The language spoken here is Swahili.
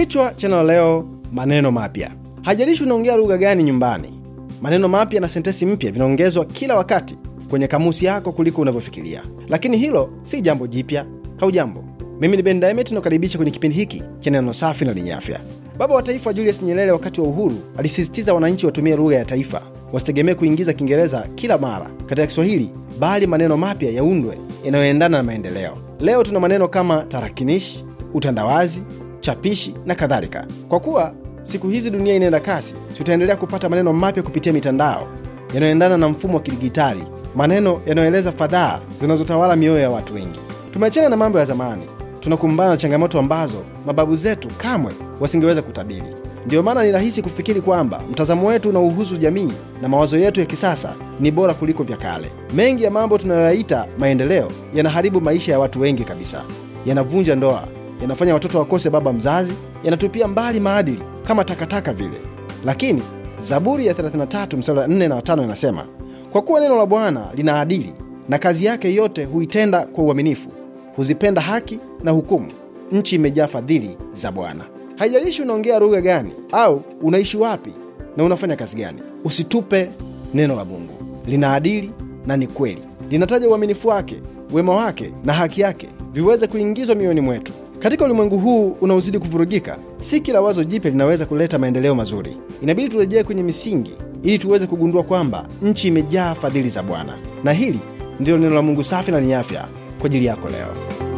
Kichwa cha neno leo, maneno mapya. hajarishi unaongea lugha gani nyumbani, maneno mapya na sentesi mpya vinaongezwa kila wakati kwenye kamusi yako kuliko unavyofikiria, lakini hilo si jambo jipya. jambo mimi ni Ben nakaribisha kwenye kipindi hiki cha neno safi na lenye afya. Baba wa taifa Julius Nyerere wakati wa uhuru alisisitiza wananchi watumie lugha ya taifa, wasitegemee kuingiza Kiingereza kila mara katika Kiswahili, bali maneno mapya yaundwe yanayoendana na maendeleo. Leo tuna maneno kama tarakinishi, utandawazi chapishi na kadhalika. Kwa kuwa siku hizi dunia inaenda kasi, tutaendelea kupata maneno mapya kupitia mitandao yanayoendana na mfumo wa kidigitali, maneno yanayoeleza fadhaa zinazotawala mioyo ya watu wengi. Tumeachana na mambo ya zamani, tunakumbana na changamoto ambazo mababu zetu kamwe wasingeweza kutabiri. Ndiyo maana ni rahisi kufikiri kwamba mtazamo wetu uhuzu jamii na mawazo yetu ya kisasa ni bora kuliko vya kale. Mengi ya mambo tunayoyaita maendeleo yanaharibu maisha ya watu wengi kabisa, yanavunja ndoa yanafanya watoto wakose baba mzazi, yanatupia mbali maadili kama takataka vile. Lakini Zaburi ya 33 mstari wa 4 na 5 inasema, kwa kuwa neno la Bwana lina adili na kazi yake yote huitenda kwa uaminifu, huzipenda haki na hukumu, nchi imejaa fadhili za Bwana. Haijalishi unaongea lugha gani au unaishi wapi na unafanya kazi gani, usitupe neno la Mungu. Lina adili na ni kweli, linataja uaminifu wake, wema wake na haki yake viweze kuingizwa mioyoni mwetu katika ulimwengu huu unaozidi kuvurugika, si kila wazo jipya linaweza kuleta maendeleo mazuri. Inabidi turejee kwenye misingi ili tuweze kugundua kwamba nchi imejaa fadhili za Bwana, na hili ndilo neno la Mungu safi na lenye afya kwa ajili yako leo.